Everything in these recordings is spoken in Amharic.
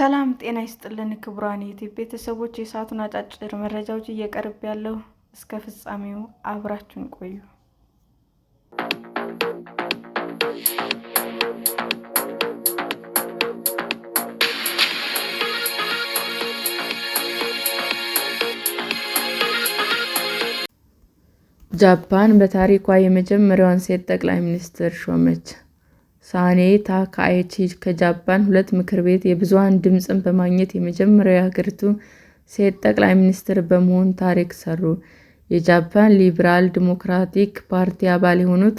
ሰላም ጤና ይስጥልን ክቡራን ዩቲዩብ ቤተሰቦች፣ የሰዓቱን አጫጭር መረጃዎች እየቀርብ ያለው እስከ ፍጻሜው አብራችሁን ቆዩ። ጃፓን በታሪኳ የመጀመሪያዋን ሴት ጠቅላይ ሚኒስትር ሾመች። ሳኔ ታካኢቺ ከጃፓን ሁለት ምክር ቤት የብዙሃን ድምፅን በማግኘት የመጀመሪያው የሀገሪቱ ሴት ጠቅላይ ሚኒስትር በመሆን ታሪክ ሰሩ። የጃፓን ሊብራል ዲሞክራቲክ ፓርቲ አባል የሆኑት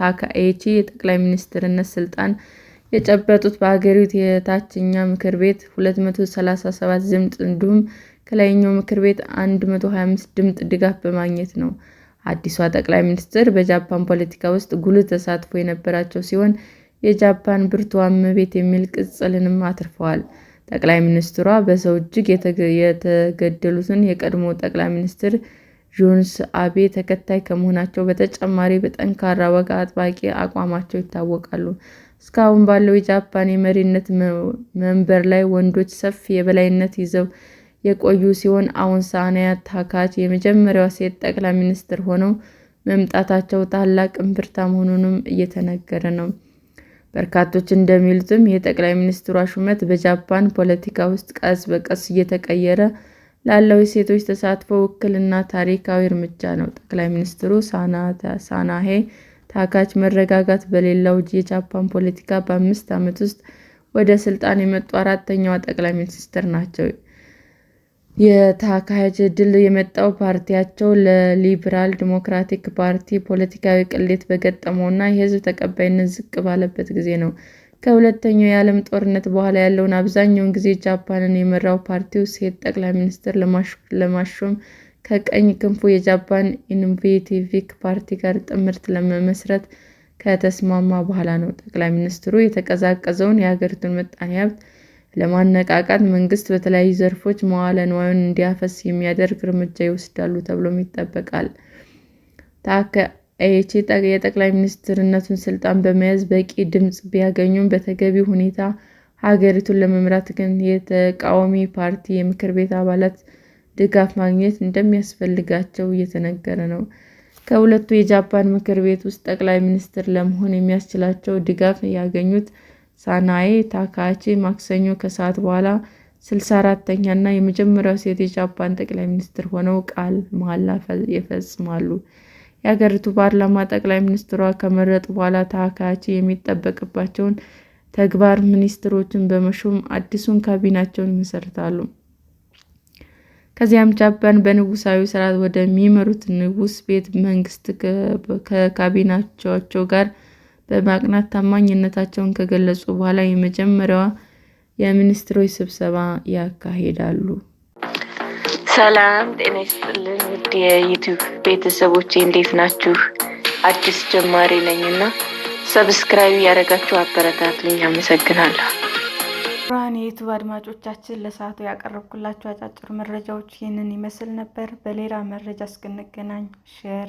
ታካኤቺ የጠቅላይ ሚኒስትርነት ስልጣን የጨበጡት በሀገሪቱ የታችኛ ምክር ቤት 237 ድምፅ እንዲሁም ከላይኛው ምክር ቤት 125 ድምፅ ድጋፍ በማግኘት ነው። አዲሷ ጠቅላይ ሚኒስትር በጃፓን ፖለቲካ ውስጥ ጉልህ ተሳትፎ የነበራቸው ሲሆን የጃፓን ብርቱ እመቤት የሚል ቅጽልንም አትርፈዋል። ጠቅላይ ሚኒስትሯ በሰው እጅግ የተገደሉትን የቀድሞ ጠቅላይ ሚኒስትር ጆንስ አቤ ተከታይ ከመሆናቸው በተጨማሪ በጠንካራ ወግ አጥባቂ አቋማቸው ይታወቃሉ። እስካሁን ባለው የጃፓን የመሪነት መንበር ላይ ወንዶች ሰፊ የበላይነት ይዘው የቆዩ ሲሆን አሁን ሳናያ ታካች የመጀመሪያዋ ሴት ጠቅላይ ሚኒስትር ሆነው መምጣታቸው ታላቅ እምብርታ መሆኑንም እየተነገረ ነው። በርካቶች እንደሚሉትም የጠቅላይ ሚኒስትሯ ሹመት በጃፓን ፖለቲካ ውስጥ ቀስ በቀስ እየተቀየረ ላለው የሴቶች ተሳትፎ ውክልና ታሪካዊ እርምጃ ነው። ጠቅላይ ሚኒስትሩ ሳናሄ ታካች መረጋጋት በሌለው የጃፓን ፖለቲካ በአምስት ዓመት ውስጥ ወደ ስልጣን የመጡ አራተኛዋ ጠቅላይ ሚኒስትር ናቸው። የታካሄድ ድል የመጣው ፓርቲያቸው ለሊብራል ዲሞክራቲክ ፓርቲ ፖለቲካዊ ቅሌት በገጠመውና የህዝብ ተቀባይነት ዝቅ ባለበት ጊዜ ነው። ከሁለተኛው የዓለም ጦርነት በኋላ ያለውን አብዛኛውን ጊዜ ጃፓንን የመራው ፓርቲው ሴት ጠቅላይ ሚኒስትር ለማሾም ከቀኝ ክንፉ የጃፓን ኢንቬቲቪክ ፓርቲ ጋር ጥምረት ለመመስረት ከተስማማ በኋላ ነው። ጠቅላይ ሚኒስትሩ የተቀዛቀዘውን የሀገሪቱን ምጣኔ ሀብት ለማነቃቃት መንግስት በተለያዩ ዘርፎች መዋለ ንዋዩን እንዲያፈስ የሚያደርግ እርምጃ ይወስዳሉ ተብሎም ይጠበቃል። ታከኤቺ የጠቅላይ ሚኒስትርነቱን ስልጣን በመያዝ በቂ ድምፅ ቢያገኙም በተገቢ ሁኔታ ሀገሪቱን ለመምራት ግን የተቃዋሚ ፓርቲ የምክር ቤት አባላት ድጋፍ ማግኘት እንደሚያስፈልጋቸው እየተነገረ ነው። ከሁለቱ የጃፓን ምክር ቤት ውስጥ ጠቅላይ ሚኒስትር ለመሆን የሚያስችላቸው ድጋፍ ያገኙት ሳናኤ ታካቺ ማክሰኞ ከሰዓት በኋላ 64 ና የመጀመሪያው ሴት የጃፓን ጠቅላይ ሚኒስትር ሆነው ቃል መሐላ ይፈጽማሉ። የሀገሪቱ ፓርላማ ጠቅላይ ሚኒስትሯ ከመረጡ በኋላ ታካቺ የሚጠበቅባቸውን ተግባር ሚኒስትሮችን በመሾም አዲሱን ካቢናቸውን ይመሰርታሉ። ከዚያም ጃፓን በንጉሳዊ ስርዓት ወደሚመሩት ንጉስ ቤተ መንግስት ከካቢናቸው ጋር በማቅናት ታማኝነታቸውን ከገለጹ በኋላ የመጀመሪያዋ የሚኒስትሮች ስብሰባ ያካሂዳሉ። ሰላም ጤና ይስጥልን ውድ የዩቱብ ቤተሰቦች እንዴት ናችሁ? አዲስ ጀማሪ ነኝ እና ሰብስክራይብ ያደረጋችሁ አበረታቱኝ። አመሰግናለሁ። ብርሃን የዩቱብ አድማጮቻችን ለሰዓቱ ያቀረብኩላችሁ አጫጭር መረጃዎች ይህንን ይመስል ነበር። በሌላ መረጃ እስክንገናኝ ሼር